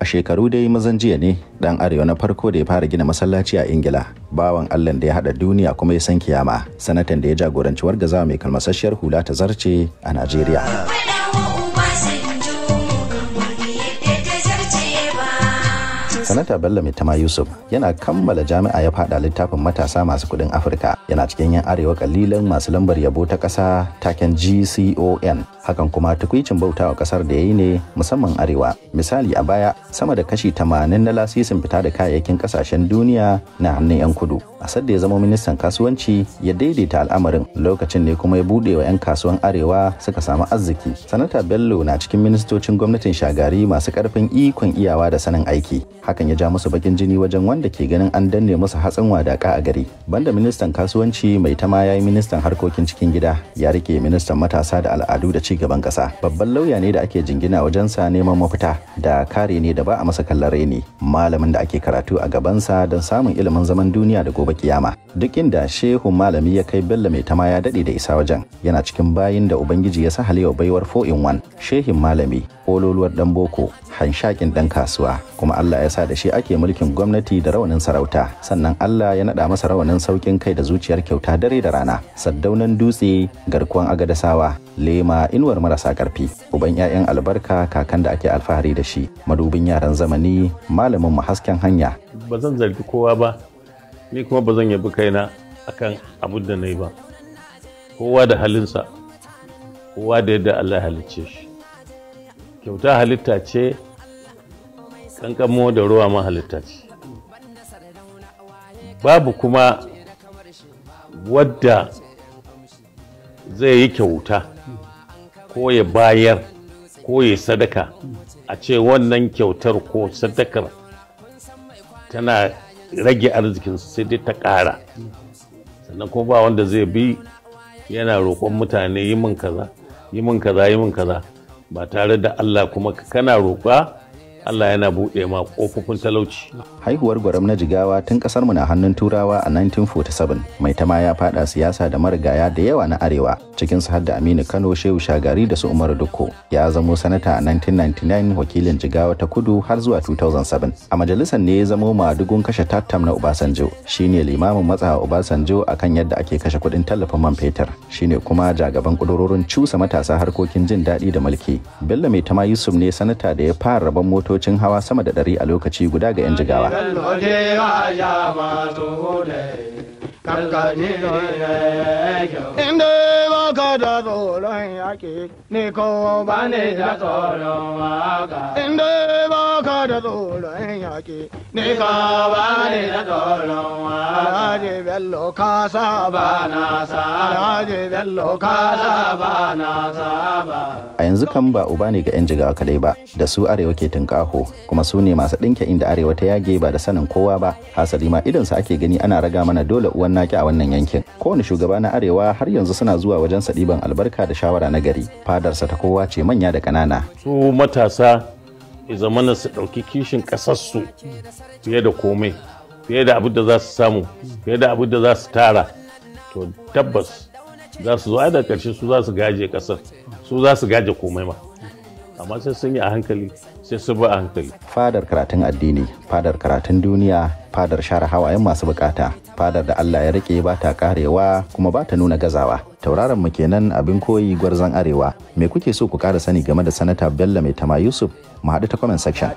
a shekaru dai mazan jiya ne dan arewa na farko da ya fara gina masallaci a ingila bawan allah da ya hada duniya kuma ya san kiyama sanatan da ya jagoranci wargaza mai kalmasasshiyar hula ta zarce a najeriya sanata bello mitama yusuf yana kammala jami'a ya fada littafin matasa masu kudin afirka yana cikin yan arewa kalilan masu lambar yabo ta kasa taken gcon hakan kuma tukwicin bautawa kasar da ya yi ne musamman arewa misali a baya sama da kashi 80 na lasisin fita da kayayyakin kasashen duniya na hannun yan kudu a da ya zama ministan kasuwanci ya daidaita al'amarin lokacin ne kuma ya buɗe wa 'yan kasuwan arewa suka samu arziki sanata bello na cikin ministocin gwamnatin shagari masu karfin ikon iyawa da sanin aiki hakan ya ja musu bakin jini wajen wanda ke ganin an danne musu hatsin wadaka a gari banda ministan kasuwanci mai tama ya yi ministan harkokin cikin gida ya rike ministan matasa da al'adu da cigaban ƙasa babban lauya ne da ake jingina wajen sa neman mafita da kare ne da ba a masa kallare ne malamin da ake karatu a gabansa don samun ilimin zaman duniya da gobe kiyama duk inda shehu malami ya kai bello mai tama ya dade da isa wajen yana cikin bayin da ubangiji ya sa halewa baiwar 4 in 1 shehin malami ololuwar dan boko hanshakin dan kasuwa kuma Allah ya sa da shi ake mulkin gwamnati da rawanin sarauta sannan Allah ya nada masa rawanin saukin kai da zuciyar kyauta dare da rana saddaunan dutse garkuwan agadasawa lema inuwar marasa karfi uban 'ya'yan albarka kakan da ake alfahari da shi madubin yaran zamani malamin mu hasken hanya ba zan zargi kowa ba ni kuma ba zan yabi kaina akan abin da na yi ba kowa da halinsa kowa da yadda Allah halicce shi kyauta halitta ce kankamo da ruwa ma halitta ce babu kuma wadda zai yi kyauta ko ya bayar ko ya sadaka a ce wannan kyautar ko sadakar tana rage arzikinsu sai dai ta ƙara sannan kuma ba wanda zai bi yana roƙon mutane yi min kaza yi min kaza yi min kaza ba tare da Allah kuma kana roƙa Allah yana buɗe ma ƙofofin talauci. Haihuwar gwaram na jigawa tun ƙasar mu na hannun turawa a 1947 mai tama ya faɗa siyasa da marigaya da yawa na arewa cikin su hadda Aminu Kano Shehu Shagari da su Umaru Dukko ya zamo sanata a 1999 wakilin jigawa ta kudu har zuwa 2007 a majalisar ne ya zamo madugun kashe tattam na Obasanjo shine limamin matsa Obasanjo akan yadda ake kashe kuɗin tallafin man fetur shine kuma jagaban kudurorin cusa matasa harkokin jin daɗi da mulki Bello mai tama Yusuf ne sanata da ya fara rabon moto motocin hawa sama da ɗari a lokaci guda ga 'yan jigawa Ka da tsoron yaƙi ne ba ne da tsoron a yanzu kan ba uba ne ga yan jigawa kadai ba da su arewa ke tunkaho kuma su ne masu ɗinke inda arewa ta yage ba da sanin kowa ba hasali ma idonsa ake gani ana raga mana dole uwan naki a wannan yankin kowane shugaba na arewa har yanzu suna zuwa wajen sadiban albarka da shawara na gari fadarsa ta kowa ce manya da ƙanana su matasa ya zamana su ɗauki kishin ƙasarsu fiye da komai fiye da abin da za su samu fiye da abin da za su tara to tabbas za su zo da ƙarshe su za su gaje ƙasar su za su gaje komai ma amma sai sun yi a hankali sai su ba a hankali fadar karatun addini fadar karatun duniya fadar share hawayen masu bukata fadar da Allah ya rike ba ta karewa kuma ba ta nuna gazawa tauraron mu kenan abin koyi gwarzon arewa me kuke so ku kara sani game da sanata bello mai tama yusuf mu haɗu ta comment section